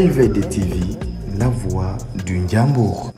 LVD TV, la voix du Njambour.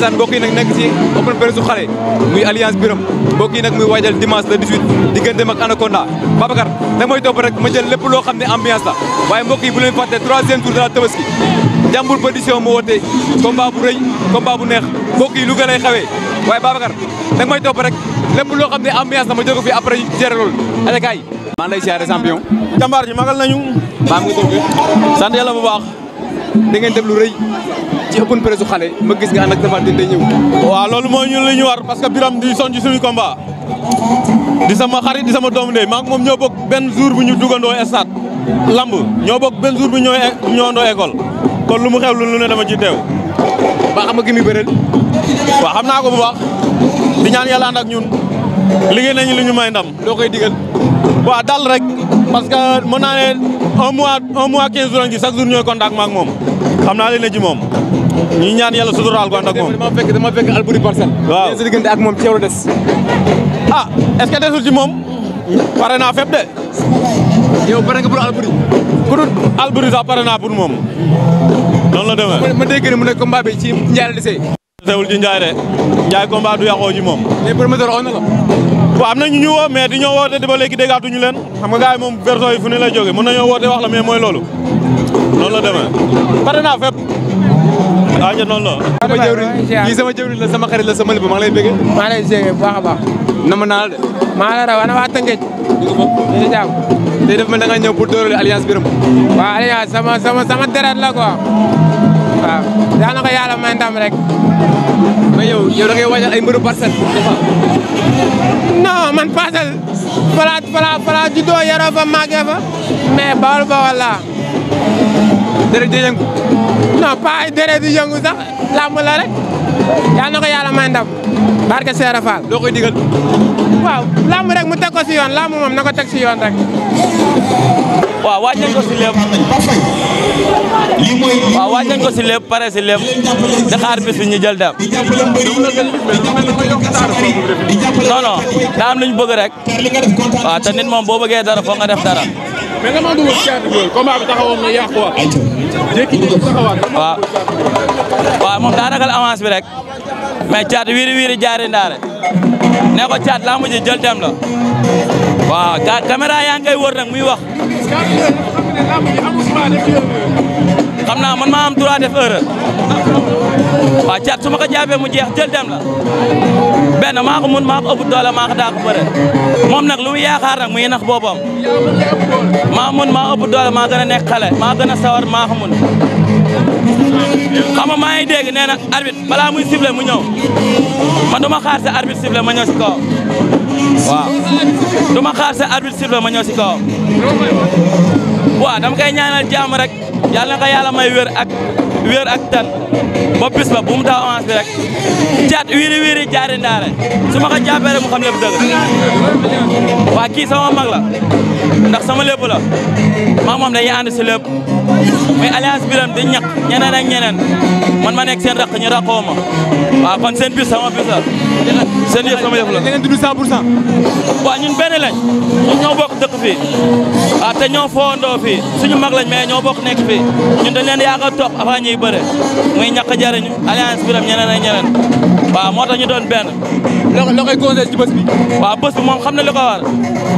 ndeysaan mbokk nag nekk ci open presse xale muy alliance biram mbokk nag muy waajal dimanche le 18 diggante ak Anaconda Babacar da mooy topp rek ma jël lépp loo xam ne ambiance la waaye mbokk yi bu leen fàtte troisième tour de la Tabaski jàmbur production moo woote combat bu rëy combat bu neex mbokk yi lu gën a xewee waaye Babacar da mooy topp rek lépp loo xam ne ambiance la ma jóge fi après jere lool allez kaay maa ngi lay siyaare ji ci open presse xale ma gis nga ànd ak Tapha Tine day ñëw. waaw loolu li ñu war parce que di sonn suñu combat di sama xarit di sama doomu ndey maa ngi ñoo bokk benn jour bu ñu dugandoo stade lamb ñoo bokk benn jour bu ñu ñëwandoo école kon lu mu xew lu ne dama ci teew. ba xam nga ki muy bëreel. waaw ko bu baax di ñaan yàlla ànd ñun ñu may ndam. koy dal rek parce que un mois un mois jours ngi chaque jour contact ne ci ñi ñaan yàlla suturaal ko ànd ak moom. dama fekk dama fekk Albouri Parcelles. moom ci yow la des. ah est-ce que desul ci moom. pare naa fépp de. yow pare nga pour Albouri. ku dul Albouri sax pare naa pour moom. noonu la demee. ma dégg ne mu ne combat bi ci Ndiaye la desee. desewul ci Ndiaye de Ndiaye combat du yàqoo ci moom. les promoteurs on na la. waaw am na ñu ñu woo mais di ñoo woote di ba léegi déggaatuñu leen xam nga gars moom version yi fu ne lay na mën nañoo woote wax la mais mooy loolu noonu la demee pare naa fépp. Aja ñun noonu la. sama jëwriñ kii sama jëwriñ la iya, sama xarit la sama lépp maa ngi lay bëggee. maa lay jege bu baax baax. nama naa la de. maa la raw ana waa Tëngéej. dëgg fa dëgg jàmm. tey dafa da nga ñëw pour dóorale alliance Birame. waaw alliance sama sama sama deret la quoi. waaw daanaka yàlla may ndam rek. mais nah, yow yow da ngay waajal ay mbëru parcelle. non man parcelle. fala fala fala juddoo yaroo fa màggee fa. mais bawal bawal laa. deret di yëngu non pas deret di yëngu sax làmb barke Seera Fall. doo koy digal. waaw mu teg ko si yoon làmb moom na ko teg si yoon rek. waaw waaj nañ ko si lépp waaw waaj pare si lépp di xaar bis bi ñu jël lu ñu rek waaw te nit moom boo bëggee dara foog nga def dara. mais nga maa bi taxawoon na yàquwaat. jékki waaw waaw moom daa ragal avance bi rek caat wiiri wiiri jaari ndaare ne ko caat laa mujj jël dem waaw caméra yaa ngi koy wër nag muy wax. am naa man maa am droit def caat su ma ko jaabee mu jël dem la benn maa ko maa ëpp doole maa ko daa moom nag lu mu yaakaar nag muy nax boobam maa mun maa ëpp doole maa gën a nekk xale maa gën a sawar maa ko mun maa ngi dégg nee na arbitre balaa mu ñëw man du ma xaar sa arbitre siffler ma ñëw si kawam waaw du ma xaar sa arbitre ma ñëw si kawam waaw dama koy ñaanal jàmm rek yàlla na ko yàlla may wér ak wér ak tan ba bis ba bu mu taa avance bi rek caat wiiri wiiri jaari ndaare su ma ko jàppee mu xam lépp dëgg waa kii sama mag la ndax sama lépp la maa moom dañuy ànd si lépp muy alliance biram di ñaq ñeneen ak man ma nekk seen raq ñu raqoo ma waaw ah, kon seen sama bis la seen yëf sama yëf la. da ngeen di dund 100 pour cent. waaw ñun benn lañ ñun ñoo bokk dëkk fii ah te ñoo foondoo fii suñu mag lañ mais ñoo bokk nekk fii ñun dañ leen yaaga topp avant ñuy bëre muy ñàkk jariñu alliance biram ñeneen ak ñeneen waaw moo tax ñu doon benn. loo loo koy conseil ci bés bi. waaw bés bi moom xam na li ko war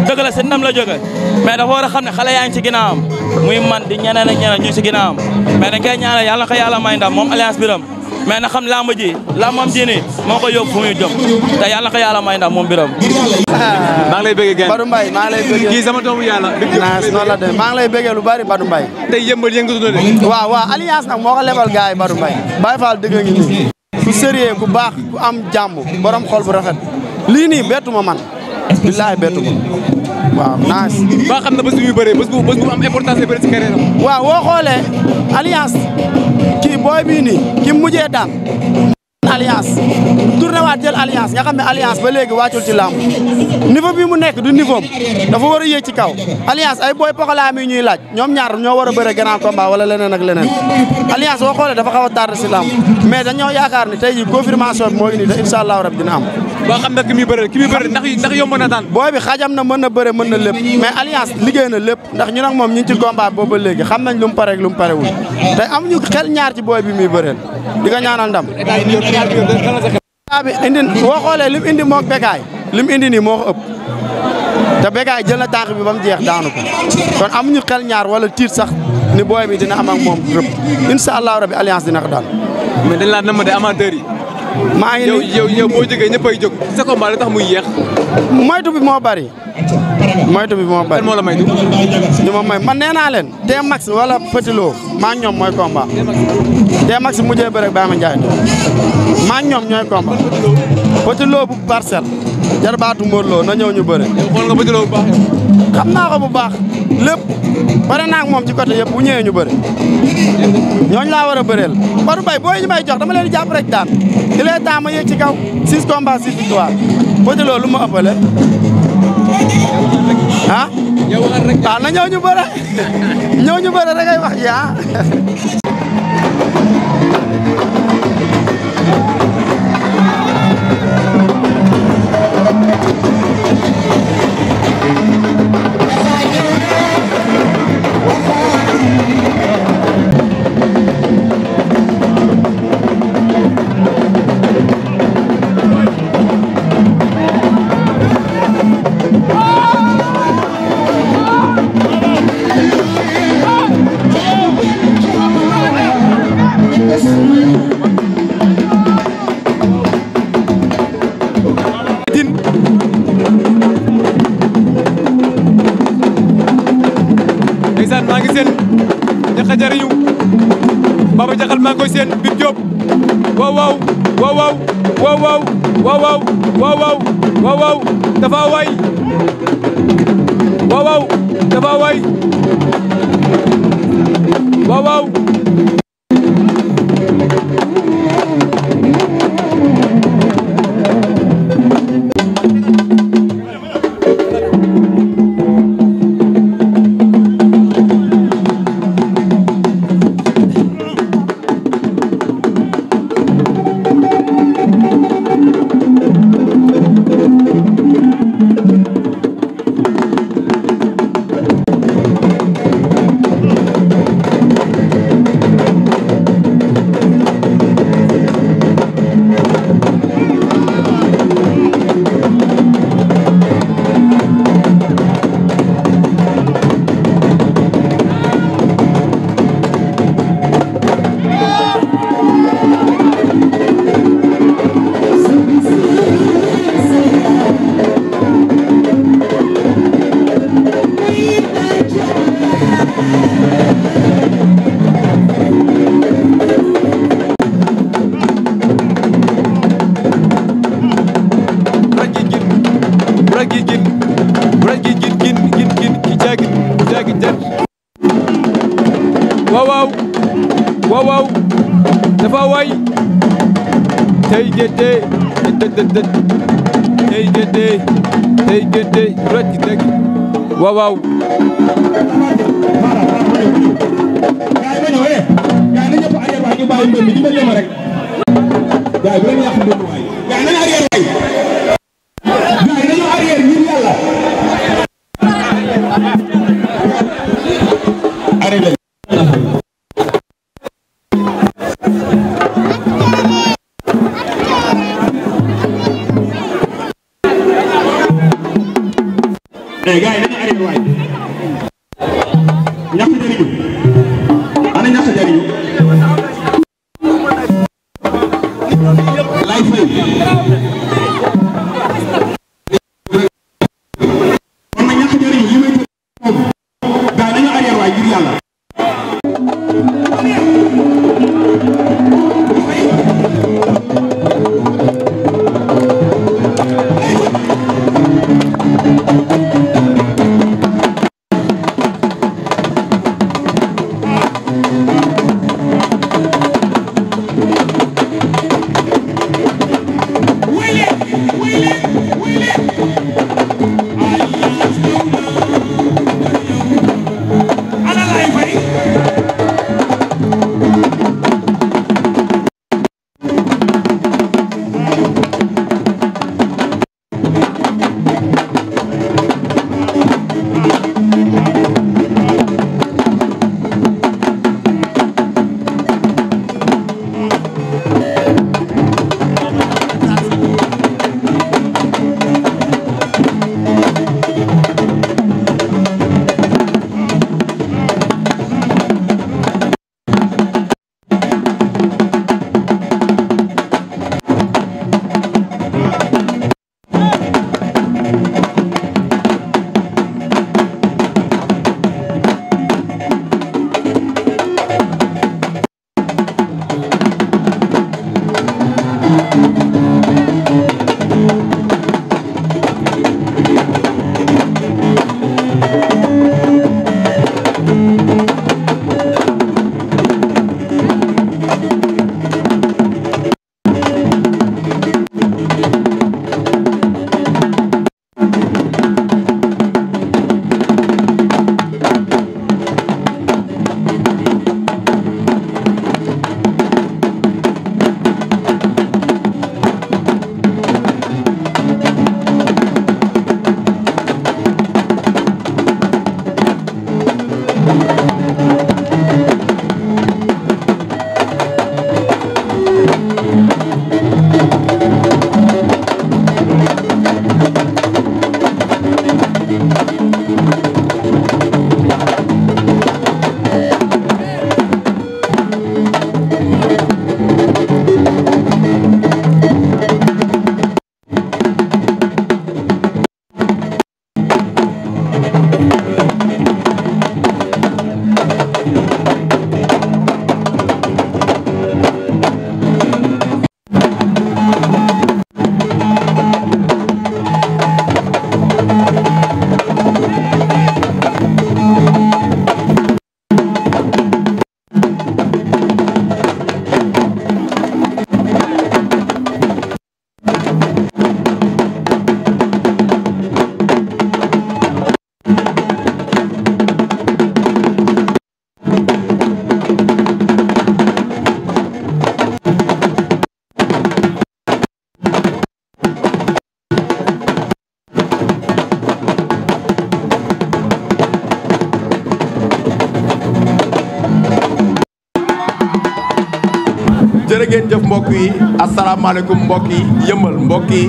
dëgg la seen ndam la jóge mais dafa war a xam ne ci ginnaawam muy man di ñeneen ak ñeneen ñu ci ginnaawam mais dañ koy ñaanal yàlla ko yàlla may ndam moom alliance biram mais na xam làmb ji làmb am ji moo ko yóbbu fu muy jëm te yàlla yàlla may ndax moom biram maa ngi lay bëggee gën Badou Mbaye maa ngi lay bëggee kii sama doomu yàlla noonu la demee maa ngi lay bëggee lu bari Badou Mbaye tey yëmbal yëngatu na de waa waaw alliance nag moo ko lebal gaay yi Badou Mbaye Baye Fall dëgg ngi nii ku sérieux ku baax ku am jàmm borom xol bu rafet lii nii man billaahi bettu waaw naas. ba xam na bés yu muy bëree bés bu bés bu am importance lay bëri si carrière waaw boo alliance kii booy bii nii ki mujjee daan. alliance tourné waat jël alliance nga xam ne alliance ba léegi wàccul ci làmb niveau bi mu nekk du niveau dafa war a yéeg ci kaw alliance ay booy pokalaam yi ñuy laaj ñoom ñaar ñoo war a bëre grand combat wala leneen ak leneen alliance boo xoolee dafa xaw a tardé ci làmb mais dañoo yaakaar ne tey ji confirmation bi moo ngi nii dina am boo xam ne ki muy bëre ki muy bëre ndax ndax yomb na daan booy bi xajam na mën na bëre mën na lépp mais alliance liggéey na lépp ndax ñu nag moom ñu ngi ci combat booba léegi xam nañ lu mu pareeg lu mu parewul te am ñu xel ñaar ci booy bi muy bëreel di ko ñaanal ndam état bi indi boo xoolee li mu indi moog bekaay li mu indi nii moo ko ëpp te bekaay jël na tànk bi ba mu jeex daanu ko kon amuñu xel ñaar wala tiit sax ni booy bi dina am ak moom rëpp incha allahu rabi alliance dina ko daan mais dañ laa namm de amateurs yi maa ngi nii yow yow boo jógee ñëpp ay jóg sa combat la tax muy yéex. moytu bi moo bari. moytu bi moo bari. moo la ma may man nee naa leen. Demax wala Petit Lo maa ngi ñoom mooy combat. Demax mujjee bëre ak Baama Ndiaye maa ngi ñoom ñooy combat. Petit Lo bu jarbaatu Mor Lo na ñëw ñu bëre. xam naa ko bu baax lépp pare naa ak moom ci côté yëpp bu baru ñu bëri ñooñu laa yang a bëreel Badou Mbaye booy ñu may jox dama leen di jàpp rek daan il est temps ma yéeg ci kaw 6 combats 6 victoires côté loolu ma ëppale ah, ah ñëw ñu bëre ñëw ñu bëre wax Thank ah. you. ndeysaan maa ngi seen ñaxa jariñu baba jaxal maa ngi koy seen bib Diop waaw waaw waaw waaw waaw waaw waaw waaw waaw waaw waaw dafa jete tey jete tey jete rëcc dëgg waaw waaw Thank you. asalaamaaleykum mbokk yi yëmbal mbokk yi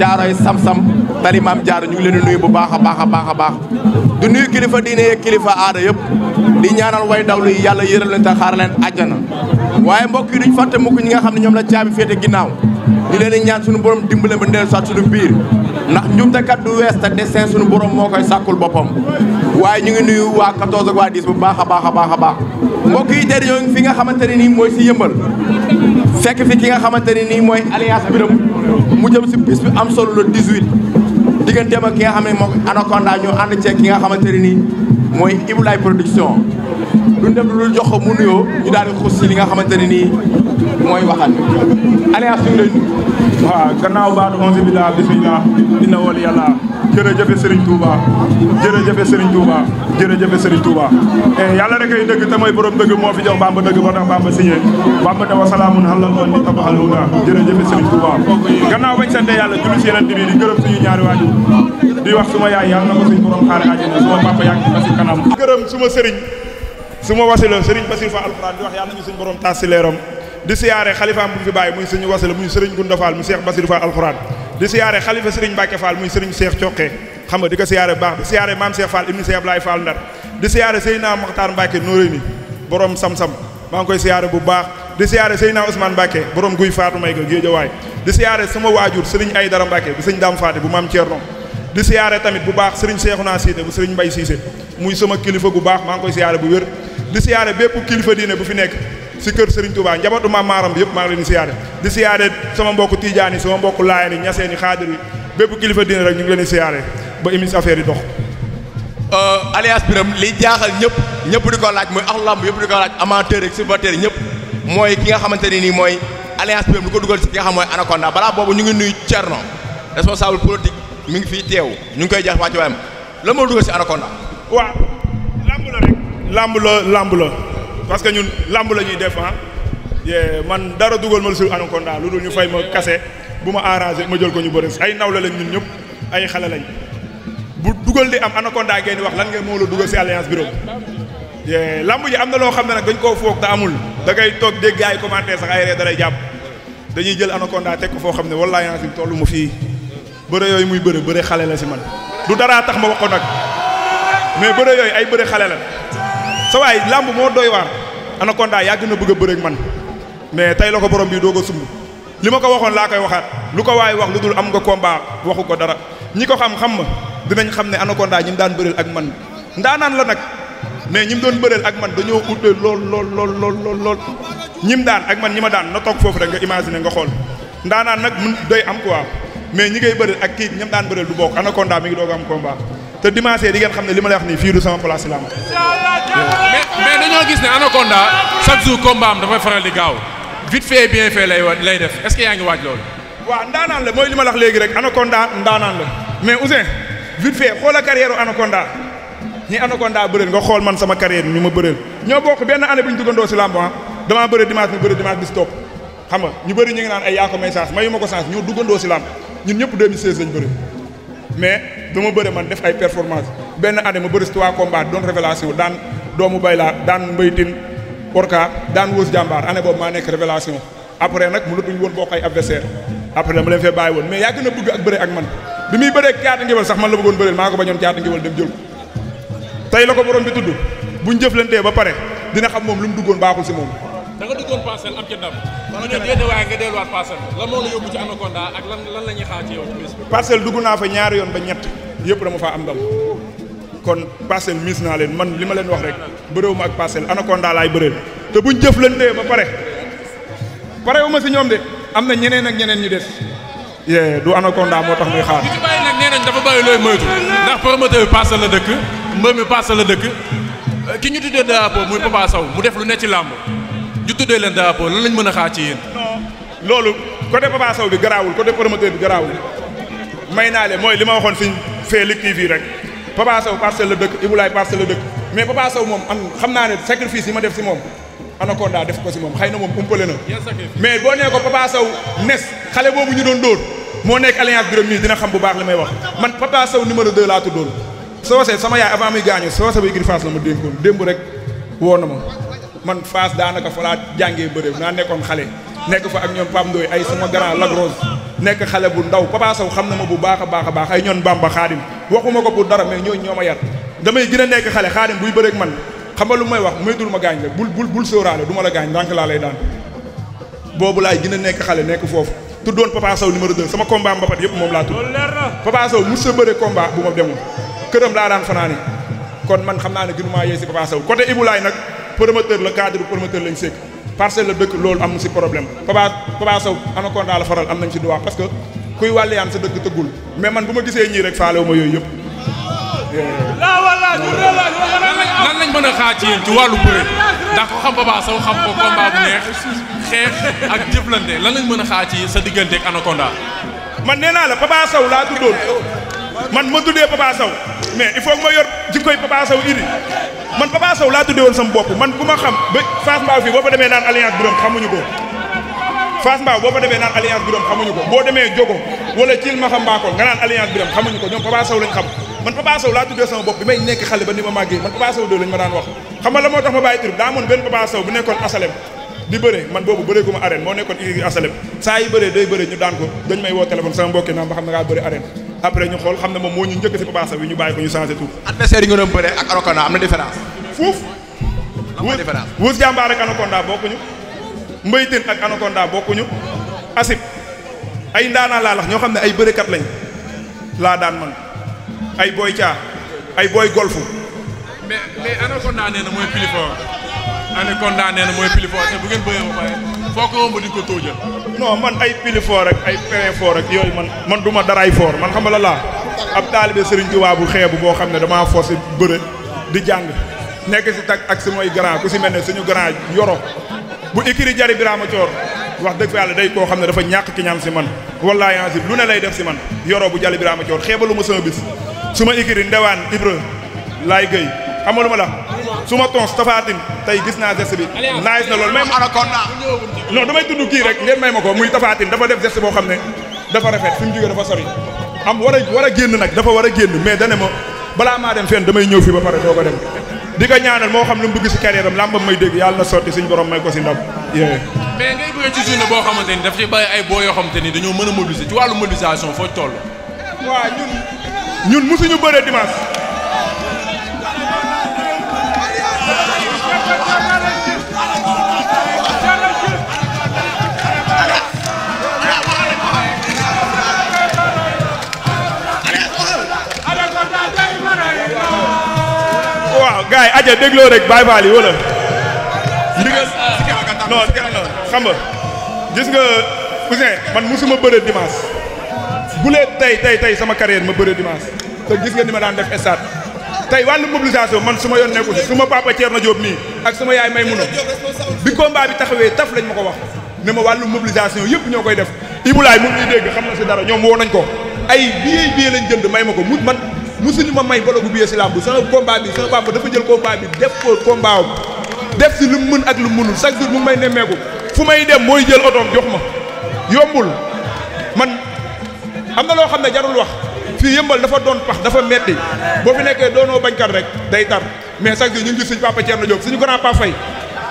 caaroy sam-sam tali maam jaaro ñu ngi leen di nuyu bu baax a baax a baax a baax du nuyu kilifa diine yeeg kilifa aada yëpp di ñaanal way dawlu yi yàlla yëral leen te xaar leen àjjana waaye mbokk yi duñ fàtte mukk ñi nga xam ne ñoom la caabi féete ginnaaw ñu leen di ñaan suñu borom dimbale ba ndeel soit suñu biir ndax njumtekat du wees te destin suñu borom moo koy sàkkul boppam waaye ñu ngi nuyu waa 14 ak waa 10 bu baax a baax a baax a baax mbokk yi tey ngi fi nga xamante ne nii mooy si yëmbal fekk fi ki nga xamante ne nii mooy Alliance Birame mu jëm si bis bi am solo le 18 digganteem ak ki nga xam ne moom Anaconda ñu ànd ceeg ki nga xamante ni nii mooy Ibulaay production duñ def lu jox ko mu nuyoo ñu daal di xuus si li nga xamante ni nii mooy waxal Alliance ñu ngi lay nuyu. waaw gannaaw baatu onze bi laa bismillah dina wol yàlla. jërëjëfe Serigne Touba jërëjëfe Serigne Touba jërëjëfe Serigne Touba Eh, yàlla rek ay dëgg te mooy borom dëgg moo fi jox Bamba dëgg moo tax Bamba signé Bamba te wa halal on ni tabaxal huda jërëjëfe Serigne Touba gannaaw bañ sante yàlla julli si yeneen di gërëm suñu ñaari waajur di wax suma yaay yàlla na ko suñu borom xaare àjjana suma papa yàgg na si kanam gërëm suma sëriñ suma wasila sëriñ Basir fa alxuraan di wax yàlla nañu suñu borom taas si di siyaare xalifaam bu fi bàyyi muy suñu wasila muy sëriñ Gunda Fall mu Seex Basir fa alxuraan di siyaare xalifa sëriñ Mbàkke Fall muy sëriñ Cheikh Cokke xam nga di ko siyaare bu baax di siyaare maam Cheikh Fall ibnu Cheikh Ablaye Fall Ndar di siyaare Seydina Mokhtar Mbàkke nóoré ni sam-sam maa ngi koy siyaare bu baax di siyaare Seydina Ousmane Mbàkke borom guy faatu may ga géejawaay di siyaare sama waajur sëriñ Aydara Mbàkke bu sëñ Daam Faati bu maam Thierno di siyaare tamit bu baax sëriñ Cheikhouna Cissé bu sëriñ Mbay Cissé muy sama kilifa gu baax maa ngi koy bu wér di siyaare bépp kilifa diine bu fi nekk si kër Serigne Touba njabootu maam maaram bi yëpp maa ngi siyaare di siyaare sama mbokku Tidiane yi sama mbokku Laayeen yi Ñaseen yi Xaadir bépp kilifa diine rek ñu ngi leen di siyaare ba émission affaire yi dox. Euh, alias Birame li jaaxal ñëpp ñëpp di ko laaj mooy ak lamb yëpp di ko laaj amateur ak supporter ñëpp mooy ki nga xamante ne nii mooy alias Birame lu ko dugal si ki nga xam mooy Anaconda balaa boobu ñu ngi nuyu Thierno responsable politique mi ngi fii teew ñu ngi koy jax waa ci waayam lan moo dugal si Anaconda. waaw lamb la rek lamb la parce que ñun làmb la ñuy def ah. man dara dugal ma lu sul anaconda lu dul ñu fay ma kase bu ma arrangé ma jël ko ñu bëri ay nawle lañ ñun ñëpp ay xale lañ bu dugal di am anaconda ngeen di wax lan ngeen moo la dugal si alliance bureau lamb ji am na loo xam ne nag dañ koo foog te amul da ngay toog dégg ay commentaire sax ay ree dalay jàpp dañuy jël anaconda teg ko foo xam ne wallaahi naa si tollu ma fii bëre yooyu muy bëre bëre xale la si man du daraa tax ma wax ko nag yooyu ay bëre xale la sawaay waay làmb moo doy waar Anaconda yàgg na bëgg a bëreeg man mais tey la ko borom bi doog a sumb li ma ko waxoon laa koy waxaat lu ko waay wax lu dul am nga combat waxu ko dara ñi ko xam xam ma dinañ xam ne Anaconda ñi mu daan bëreel ak man ndaanaan la nag mais ñi mu doon bëreel ak man dañoo uute lool lool lool lool lool ñi daan ak man ñi ma daan na toog foofu rek nga imaginer nga xool ndaanaan nag mun doy am quoi mais ñi ngay bëreel ak kii ñam daan bëreel du bokk Anaconda mi ngi doog am combat te dimanche di ngeen xam ne li ma lay wax fii du sama place la mais dañoo gis ne Anaconda chaque jour combat am dafay faral di gaaw vite fait bien fait lay lay def est yaa ngi waaj loolu. waaw ndaanaan la mooy li ma lax léegi rek Anaconda ndaanaan la mais Ouzin vite fait xoola carrière Anaconda ñi Anaconda bëreel nga xool man sama carrière ñu ma bëreel ñoo bokk benn année bu ñu duggandoo si làmb ah. damaa bëre dimanche mu bëre dimanche bis topp xam nga ñu bëri ñu ngi naan ay yaa ko may chance mayu ma ko chance ñoo duggandoo si làmb ñëpp 2016 lañ bëri mais dama man def ay performance benn année ma bëri si trois combats doomu bay laa daan mbaytin orka daan wës jàmbaar année boobu maa nekk révélation après nag mu nëbbuñu woon bokk ay adversaire après dama leen fee bàyyi woon mais yaa gën a ak bëre ak man bi muy bëree caata ngéwél sax man la bëggoon bëreel maa ko bañoon caata ngéwél dem jël ko tey la ko borom bi tudd buñ jëflantee ba dina xam moom lu mu duggoon baaxul si moom da nga duggoon parcelle am ca ndam mu ñëw déedéet waaye nga ak lan lan la ñuy xaar ci dugg naa fa ñaari yoon ba ñett yëpp dama faa am ndam kon parcelle miis naa leen man li ma leen wax rek bëréewu ma ak parcelle anaconda laay bëreel te bu buñ jëflantee ba pare pare wu ma si ñoom de am na ñeneen ak ñeneen ñu des yee du anaconda moo tax muy xaar. li ci bàyyi nag nee nañ dafa bàyyi looy moytu ndax promoteur bi parcelle la dëkk mbër mi parcelle la dëkk euh, ki ñu tuddee drapeau muy Papa saw mu def lu ne ci làmb ju tuddee leen drapeau lan lañ mën a xaar ci yéen. loolu côté Papa Sow bi garaawul côté promoteur bi garaawul may naa leen mooy li ma waxoon si fee li TV rek. Papa Sow parcelle la dëkk Ibulaay parcelle la dëkk mais Papa Sow moom am xam naa ne sacrifice yi ma def si moom Anaconda def ko si moom xay na moom umpale na mais boo nee ko Papa Sow nes xale boobu ñu doon dóor moo nekk alliance Birame Mise dina xam bu baax li may wax man Papa Sow numéro 2 laa tuddoon soose sama yaay avant muy gaañu soose ba igri Fass la ma dénkoon démb rek woo na ma man Fass daanaka fa laa jàngee bëre naa nekkoon xale nekk fa ak ñoom Pape Ndoye ay sama grand lagrose nekk xale bu ndaw Papa Sow xam na ma bu baax a baax a baax ay ñoon Bamba Xaadim waxuma ko pour dara mais ñooñu ñoo ma yar damay gën a nekk xale xaadim buy bëreeg man xam nga wax moytul ma gaañ la bul bul bul sóoraale du ma la gaañ ndànk daan boobu laay gën nekk xale nekk foofu tuddoon Papa Sow numéro 2 sama combat mbapat yëpp moom laa tudd Papa mu sa bëre combat bu ma demoon këram laa daan fanaane kon man xam naa ne gënumaa yee si Papa Sow nag promoteur la cadre promoteur lañ sekk parcelle la dëkk loolu am si problème Papa am nañ si droit parce kuy wàll yaan sa dëkk tëggul mais man bu ma gisee ñii rek faalewu ma yooyu yëpp. la wala du lan lañ mën a xaar ci yéen ci wàllu bëre ndax ko xam Papa Sow xam ko combat bu neex xeex ak jëflante lan lañ mën a xaar ci sa diggante ak Anaconda. man nee naa la Papa saw laa tuddoon man ma tuddee Papa Sow mais il faut que ma yor jikkoy Papa Sow iri man Papa Sow laa tuddee woon sama bopp man bu ma xam ba Fass Mbaw fii boo fa demee naan alliance bi xamuñu ko. Fass Mbao boo fa demee naan alliance Birame xamuñu ko boo demee Jogo wala Thiel ma xam Mbakol nga naan alliance Birame xamuñu ko ñoom Papa Sow xam man Papa laa tuddee sama bopp bi may nekk xale ba ni ma màggee man Papa Sow ma daan wax xam la moo tax ma bàyyi tur daa amoon benn Papa bu nekkoon asalem di bëre man boobu bëree gu moo nekkoon i asalem saa yi bëree day bëree ñu daan ko dañ may woo téléphone sama mbokki mbay teen ak anaconda bokkuñu asib ay ndaanaa laa ñoo xam ne ay bërekat lañ laa daan man ay booy caa ay booy golfu mais mais anaconda nee na mooy pilifoor anaconda nee na mooy pilifoor te bu ngeen bëree ba foo ko romb di ko tóojal non man ay pilifoor ak ay perin foor ak yooyu man man du ma daraay foor man xam la laa ab taalibe Sëriñ Tuubaa bu xeebu boo xam ne damaa forcé bëre di jàng nekk si tak ak su mooy grand ku si mel ne suñu grand yoro bu écrit jari biraama coor wax dëgg fa yàlla day koo xam ne dafa ñàkk ki ñaan man wallaahi ansi lu ne lay def si man yoroo bu jali biraama coor xeebalu ma sama bis su ma écrit ndewaan ibra laay gëy xamalu ma la su ma tons tafaatin tey gis naa geste bi naagis na loolu mais ko non damay tudd kii rek ngeen may ma ko muy tafaatin dafa def geste boo xam ne dafa rafet fi mu jógee dafa sori am war a génn nag dafa war a génn mais dane ma balaa maa dem fenn damay ñëw fii ba pare doo ko dem di ko ñaanal moo xam lu mu bëgg si carrière am làmbam may dégg yàlla na sotti suñu borom may ko si ndam. mais ngay bëgg ci journée boo xamante ni daf ci bàyyi ay boo yoo xamante ni dañoo mën a mobiliser ci wàllu mobilisation foo toll. waaw ñun ñun mosuñu bëree dimanche. aja dégloo rek Baye Fall yi wala. ndigal non xam nga gis nga Ouzin man musuma bëre dimanche. bu lee tey tey tey sama carrière ma bëre dimanche te gis nga ni ma daan def stade tey wàllu mobilisation man su ma yoon nekku si su ma papa Thierno Diop nii ak suma yaay may mun a bi combat bi taxawee taf lañ ma ko wax ne ma wàllu mobilisation yëpp ñoo koy def Ibou Laye mu ngi dégg xam na si dara ñoom woo nañ ko ay billet billet lañ jënd may ma ko mu man. mu musuñu ma may bolo bu biyee si làmb sama combat bi sama papa dafa jël combat bi def ko combat am def si lu mu mën ak lu mu mënul chaque jour mu may nemmeeku fu may dem mooy jël otoom jox ma yombul man am na loo xam ne jarul wax fii yëmbal dafa doon pax dafa metti boo fi nekkee doonoo bañkat rek day tar mais chaque jour ñu ngi gis suñu papa Thierno Diop suñu grand papa Faye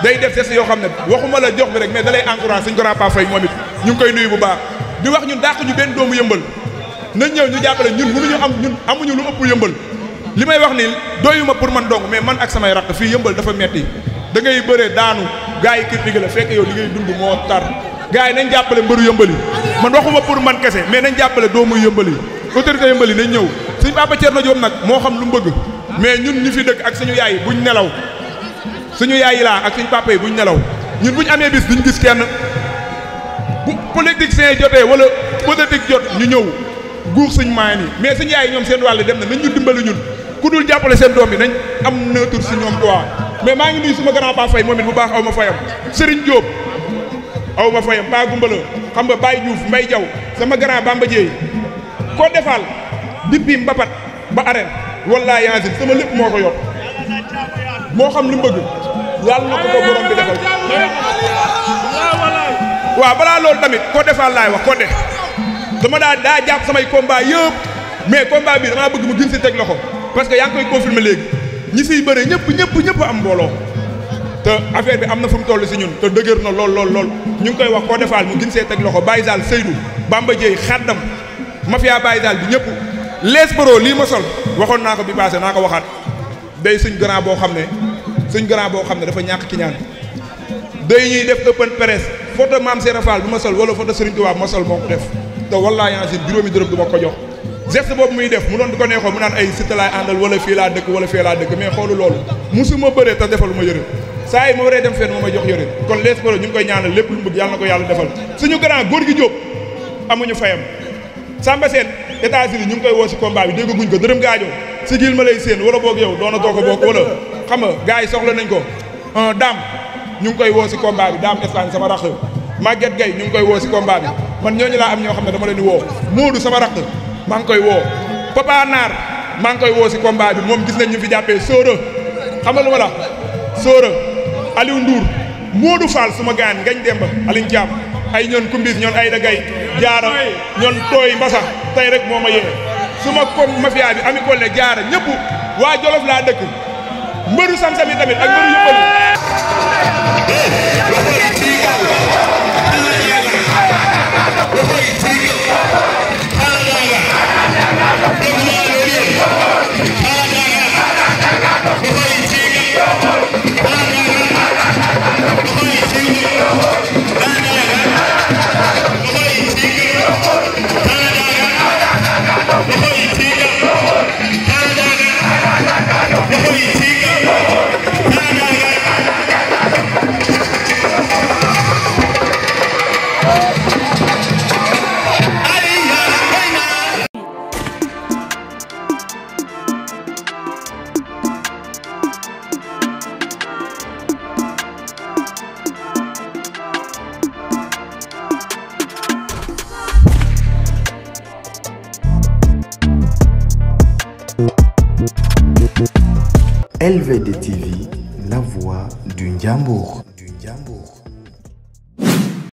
day def geste yoo xam ne waxuma la jox bi rek mais da lay encouragé suñu grand papa Faye ñu ngi koy nuyu bu baax wax ñun dàq ñu benn doomu yëmbal. nañ ñëw ñu jàppale ñun ñu am ñun amuñu lu ëpp yëmbal li may wax ni doyuma pour man dong mais man ak samay raq fii yëmbal dafa metti da ngay bëree daanu gars yi critiqué la fekk yow li ngay dund moo tar gars yi nañ jàppale mbëru yëmbal yi man waxuma pour man kese mais nañ jàppale doomu yëmbal yi autorité yëmbal yi nañ ñëw suñ papa Thierno Diop nag moo xam lu mu bëgg mais ñun ñu fi dëkk ak suñu yaay buñ nelaw suñu yaay yi laa ak suñu papa yi buñ nelaw ñun buñ amee bis duñ gis kenn bu politique seen jotee wala politique jot ñu ñëw guux suñ maay nii mais suñ yaay ñoom seen wàll dem na nañ ñu dimbali ñun ku dul jàppale seen doom yi nañ am neutre si ñoom quoi maa ngi nii suma grand pa fay moom it bu baax aw ma fayam Serigne Diop aw ma fayam ba gumbala xam nga Baye Diouf Mbaye Diaw sama grand Bamba Dieye koo defaal defal depuis mbapat ba arène wallaahi yaasin sama lépp moo ko yor moo xam li mu bëgg ko ko borom bi defal waa balaa loolu tamit koo defaal laay wax koo def dama daa daa jàpp samay combat yëpp mais combat bi damaa bëgg mu gën si teg loxo parce que yaa ngi koy confirmer léegi ñi siy bëre ñëpp ñëpp ñëpp am mbooloo te affaire bi am na fu mu toll si ñun te dëgër na lool lool lool ñu ngi koy wax koo defaal mu gën see teg loxo Baye Zal Seydou Bamba Dieye xaddam mafia Baye Zal bi ñëpp lees boro lii ma sol waxoon naa ko bi passé naa ko waxaat day suñ grand boo xam ne suñ grand boo xam ne dafa ñàkk kiñaan ñaan day ñuy def open press photo maam Serap bi ma sol wala photo Serigne Touba ma sol moo ko te wallaahi yaasin juróomi dërëm du ko jox geste boobu muy def mu doon ko neexoo mu naan ay sita àndal wala fii laa dëkk wala fii laa dëkk mais xoolu loolu musuma bëree te defalu ma yore saa yi ma waree dem fenn ma may jox yore kon lees boro ñu koy ñaanal lépp lu mu yàlla ko yàlla defal suñu grand góor gi Jóob amuñu fayam Samba Sène États-Unis ñu ngi koy woo si combat bi déggaguñ ko dërëm gaajo si gil ma lay séen wala boog yow doona too ko boog wala xam nga nañ ko euh, daam ñu ngi koy woo si combat bi daam Espagne sama rax Maguette Gueye ñu ngi koy woo si combat man ñooñu laa am ñoo xam ne dama leen di woo Moodu sama rakk maa ngi koy woo Papa Naar maa ngi koy woo si combat moom gis nañ ñu fi jàppee Sóora xam nga lu ma la Sóora Aliou Ndour Moodu Fall suma gaan ngañ demba Aliou Thiam ay ñoon kumbis ñoon Ayda Gaye jaaro ñoon tooy mbasa tey rek moo ma yee suma comme mafia bi ami kolle jaara ñëpp waa Jolof laa dëkk mbëru sam-sami tamit ak mbëru yëppalu take it.